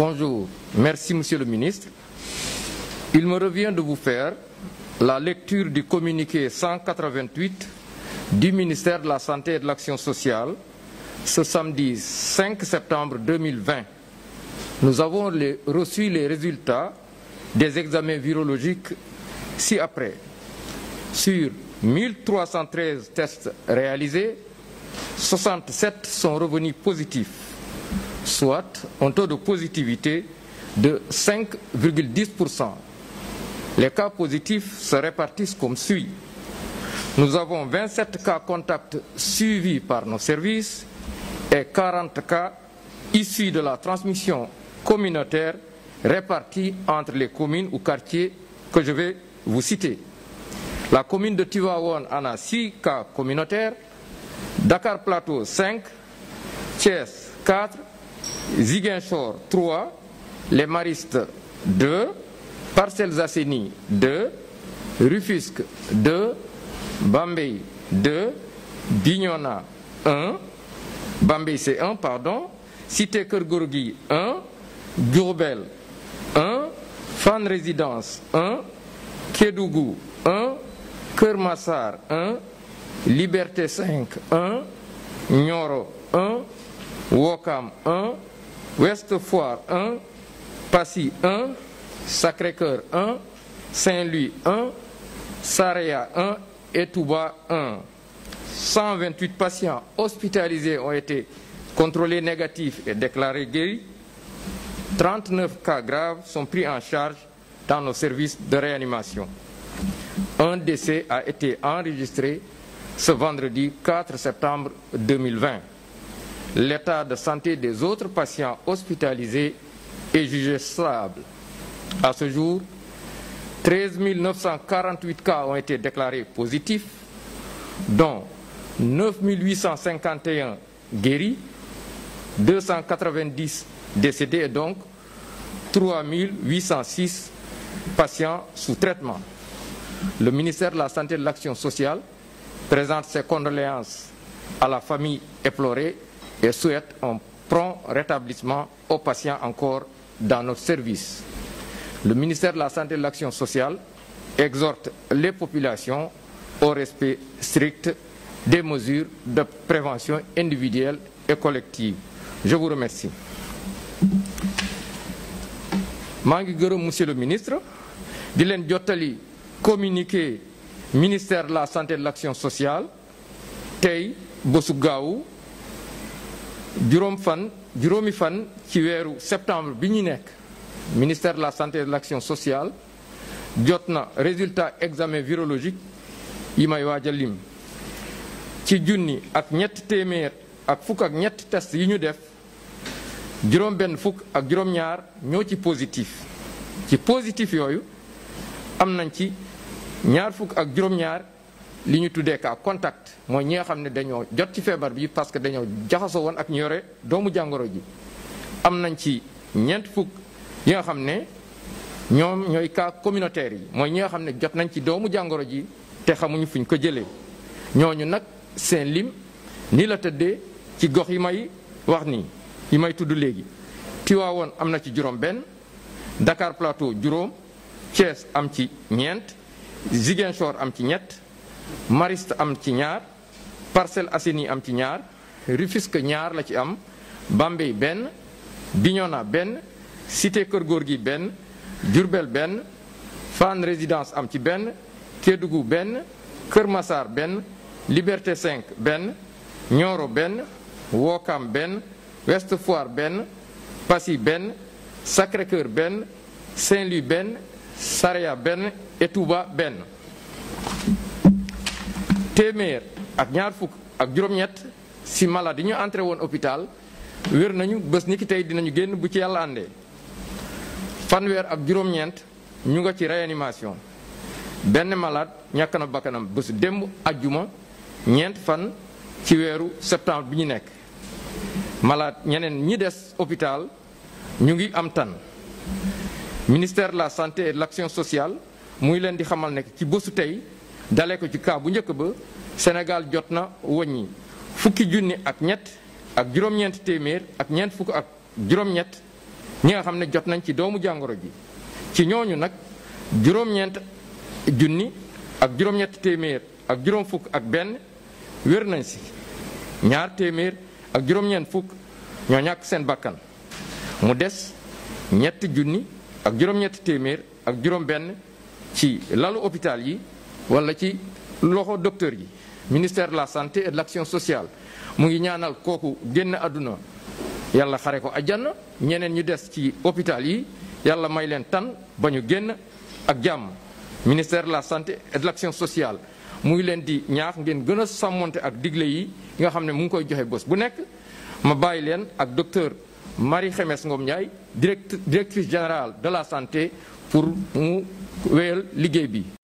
Bonjour, merci Monsieur le Ministre. Il me revient de vous faire la lecture du communiqué 188 du ministère de la Santé et de l'Action sociale ce samedi 5 septembre 2020. Nous avons reçu les résultats des examens virologiques ci-après. Sur 1313 tests réalisés, 67 sont revenus positifs soit un taux de positivité de 5,10%. Les cas positifs se répartissent comme suit. Nous avons 27 cas contacts suivis par nos services et 40 cas issus de la transmission communautaire répartis entre les communes ou quartiers que je vais vous citer. La commune de Tivouan en a 6 cas communautaires, Dakar Plateau 5, Thiès 4, Ziguinchor 3, les Maristes 2, Parcelles Asseni 2, Rufusque 2, Bambay 2, Bignona 1, Bambay c'est 1, pardon, Cité Kurgurgi 1, Gourbel 1, Fan Résidence 1, Kedougou 1, Kermassar 1, Liberté 5 1, Nyoro 1, Wokam 1, West 1, Passy 1, Sacré-Cœur 1, Saint-Louis 1, Saréa 1 et Touba 1. 128 patients hospitalisés ont été contrôlés négatifs et déclarés guéris. 39 cas graves sont pris en charge dans nos services de réanimation. Un décès a été enregistré ce vendredi 4 septembre 2020 l'état de santé des autres patients hospitalisés est jugé stable. À ce jour, 13 948 cas ont été déclarés positifs, dont 9 851 guéris, 290 décédés et donc 3 806 patients sous traitement. Le ministère de la Santé et de l'Action sociale présente ses condoléances à la famille éplorée et souhaite un prompt rétablissement aux patients encore dans nos services. Le ministère de la Santé et de l'Action sociale exhorte les populations au respect strict des mesures de prévention individuelle et collective. Je vous remercie. Mangigoro, monsieur le ministre Dylan communiqué ministère de la santé et de l'action sociale tey juróom fan juróomi fan ci weeru septembre bi ñu nekk ministère de la santé et de l'action sociale jot na résultat examen virologique yi may waaj a lim ci junni ak ñetti téeméer ak fukk ak ñetti test yi ñu def juróom benn fukk ak juróom ñaar ñoo ci positif ci positif yooyu am nañ ci ñaar fukk ak juróom ñaar li ñu tuddee kaa contact mooy ñi nga xam ne dañoo jot ci feebar bi parce que dañoo jaxasoo woon ak ñu yore doomu jàngoro ji am nañ ci ñeent fukk yi nga xam ne ñoom ñooy cas communautaire yi mooy ñi nga xam ne jot nañ ci doomu jàngoro ji te xamuñu fuñ ko jëlee ñooñu nag seen lim ni la tëddee ci gox yi may wax nii yi may tudd léegi Tiwaawoon am na ci juróom benn Dakar Plateau juróom Thiès am ci ñeent Ziguinchor am ci ñett Mariste am ci ñaar parcelle Rufus am ci ñaar Bambey Ben, Bignona Ben, Cité keur Ben, Durbel Ben, Fan Résidence am ci ben Ben, ben Liberté 5 Ben, ñoro Ben, Wokam Ben, Ouest Ben, Passy Ben, Sacré-Cœur Ben, Saint-Louis Ben, Saraya Ben, et Touba Ben. témèr ak ñaar fuk ak juroom ñet si malade ñu entré won hôpital wër nañu bés niki tay dinañu génn bu ci andé fan wër ak juroom ñent ñu nga ci réanimation benn malade ñak na bakanam bésu demb aljuma ñent fan ci wëru septembre bi ñu nekk malade ñeneen ñi dess hôpital ñu ngi am tan ministère de la santé et de l'action sociale muy leen di xamal nek ci tay dalee ko ci cas bu njëkk ba Sénégal jot na woññi fukki ak ñett ak juróom téeméer ak ñeent fukk ak juróom-ñett ñi nga xam ne jot nañ ci doomu jàngoro ji ci ñooñu nag juróom-ñeent junni ak juróom-ñett téeméer ak juróom fukk ak benn wér nañ si ñaar téeméer ak juróom-ñeent fukk ñoo ñàkk seen bakkan mu des ñett junni ak juróom-ñett téeméer ak juróom benn ci lalu hôpital yi wala ci loxo docteur yi ministère de la santé et de l'action sociale mu ngi ñaanal kooku génn àdduna yàlla xare ko àjjana ñeneen ñu des ci hôpital yi yàlla may leen tan ba ñu génn ak jàmm ministère de la santé et de l'action sociale mu ngi leen di ñaax ngeen gën a sàmmonte ak digle yi nga xam ne mu ngi koy joxe bés bu nekk ma bàyyi leen ak docteur Marie Xemes Ngom Ndiaye direct directrice générale de la santé pour mu wéyal liggéey bi